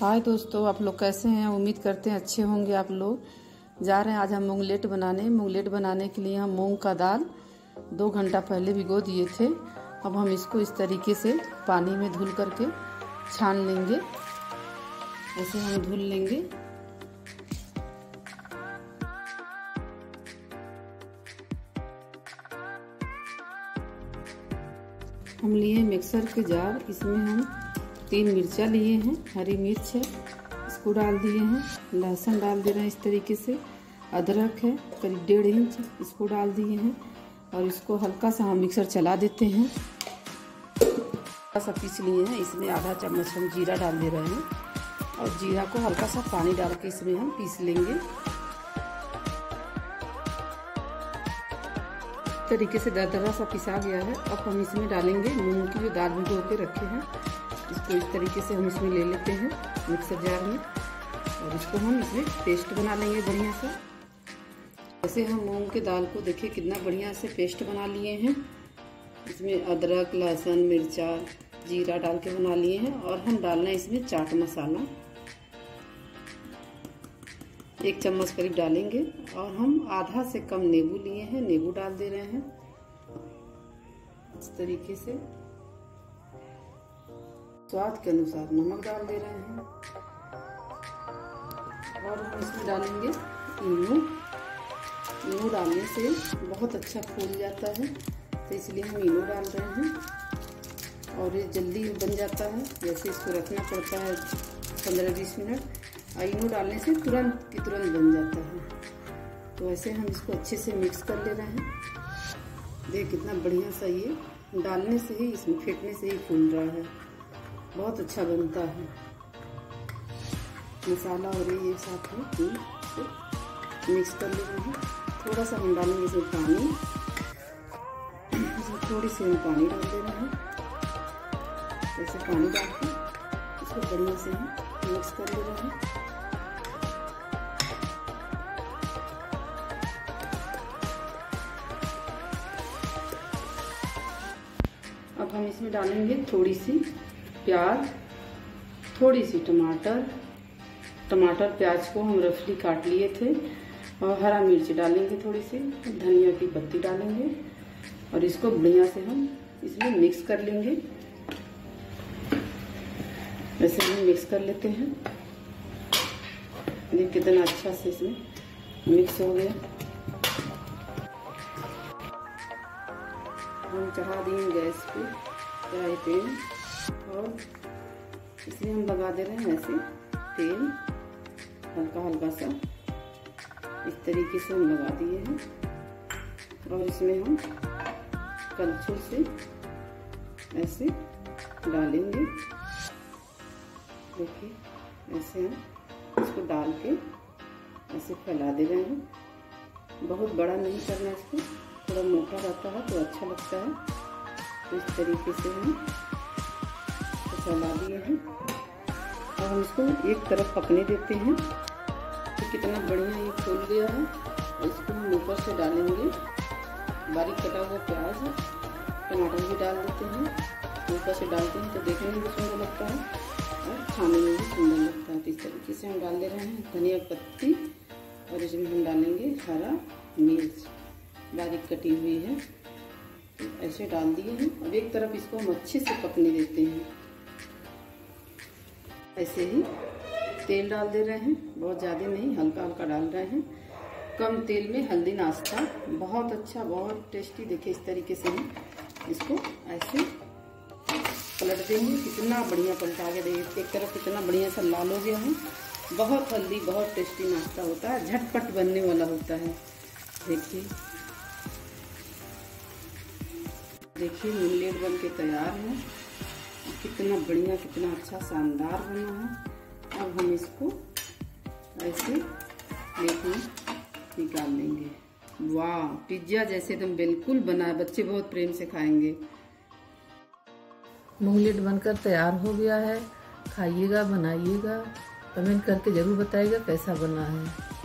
हाय दोस्तों आप लोग कैसे हैं उम्मीद करते हैं अच्छे होंगे आप लोग जा रहे हैं आज हम मूंगलेट बनाने मूंगलेट बनाने के लिए हम मूंग का दाल दो घंटा पहले भिगो दिए थे अब हम इसको इस तरीके से पानी में धुल करके छान लेंगे ऐसे हम धुल लेंगे हम लिए मिक्सर के जार इसमें हम तीन मिर्चा लिए हैं हरी मिर्च है इसको डाल दिए हैं लहसुन डाल दे रहे हैं इस तरीके से अदरक है करीब डेढ़ इंच इसको डाल दिए हैं और इसको हल्का सा हम मिक्सर चला देते हैं हल्का सा पीस लिए हैं इसमें आधा चम्मच हम जीरा डाल दे रहे हैं और जीरा को हल्का सा पानी डाल के इसमें हम पीस लेंगे तरीके से दरदरा सा पिसा गया है अब हम इसमें डालेंगे मूंग की जो दाल भिगो के रखे हैं इसको इस तरीके से हम इसमें ले लेते हैं मिक्सर जार में और इसको हम इसमें पेस्ट बना लेंगे बढ़िया से जैसे हम मूंग के दाल को देखिए कितना बढ़िया से पेस्ट बना लिए हैं इसमें अदरक लहसुन मिर्चा जीरा डाल के बना लिए हैं और हम डालना है इसमें चाट मसाला एक चम्मच करीब डालेंगे और हम आधा से कम नींबू लिए हैं नींबू डाल दे रहे हैं इस तरीके से स्वाद के अनुसार नमक डाल दे रहे हैं और हम इसमें डालेंगे नींबू नींबू डालने से बहुत अच्छा फूल जाता है तो इसलिए हम नींबू डाल रहे हैं और ये जल्दी बन जाता है जैसे इसको रखना पड़ता है पंद्रह बीस मिनट और इनो डालने से तुरंत की तुरंत बन जाता है तो ऐसे हम इसको अच्छे से मिक्स कर ले रहे हैं देख कितना बढ़िया सा ये डालने से ही इसमें फेंकने से ही फूल रहा है बहुत अच्छा बनता है मसाला और ये साथ में तो मिक्स कर हैं थोड़ा सा हम डालेंगे इसमें पानी इसमें थोड़ी सी हम पानी डाल रहे हैं ऐसे पानी डाल के इसको बढ़िया से हम मिक्स कर रहे हैं अब हम इसमें डालेंगे थोड़ी सी प्याज थोड़ी सी टमाटर टमाटर प्याज को हम रफली काट लिए थे और हरा मिर्च डालेंगे थोड़ी सी धनिया की पत्ती डालेंगे और इसको बढ़िया से हम इसमें मिक्स कर लेंगे वैसे हम मिक्स कर लेते हैं देखिए कितना अच्छा से इसमें मिक्स हो गया हम चढ़ा दिए गैस पे कढ़ाई पे और इसे हम लगा दे रहे हैं ऐसे तेल हल्का हल्का सा इस तरीके से हम लगा दिए हैं और इसमें हम कलछू से ऐसे डालेंगे देखिए ऐसे हम इसको डाल के ऐसे फैला दे रहे हैं बहुत बड़ा नहीं करना इसको थोड़ा मोटा रहता है तो अच्छा लगता है तो इस तरीके से हम फैला दिए हैं और हम इसको एक तरफ पकने देते हैं तो कितना बढ़िया ये फूल गया है इसको हम ऊपर से डालेंगे बारीक कटा हुआ प्याज टमाटर भी डाल देते हैं ऊपर से डालते हैं तो देखने में भी सुंदर लगता है और खाने में भी सुंदर लगता है तो इस तरीके से हम डाल दे रहे हैं धनिया पत्ती और इसमें हम डालेंगे हरा मिर्च बारीक कटी हुई है ऐसे डाल दिए हैं अब एक तरफ इसको हम अच्छे से पकने देते हैं ऐसे ही तेल डाल दे रहे हैं बहुत ज़्यादा नहीं हल्का हल्का डाल रहे हैं कम तेल में हल्दी नाश्ता बहुत अच्छा बहुत टेस्टी देखिए इस तरीके से हम इसको ऐसे पलट देंगे कितना बढ़िया पलटा के देंगे एक तरफ कितना बढ़िया सा लाल हो गया है बहुत हल्दी बहुत टेस्टी नाश्ता होता है झटपट बनने वाला होता है देखिए देखिए मिलेट बन के तैयार है कितना बढ़िया कितना अच्छा शानदार बना है अब हम इसको ऐसे प्लेट में निकाल लेंगे वाह पिज्जा जैसे एकदम बिल्कुल बना बच्चे बहुत प्रेम से खाएंगे मूंगलेट बनकर तैयार हो गया है खाइएगा बनाइएगा कमेंट करके ज़रूर बताइएगा कैसा बना है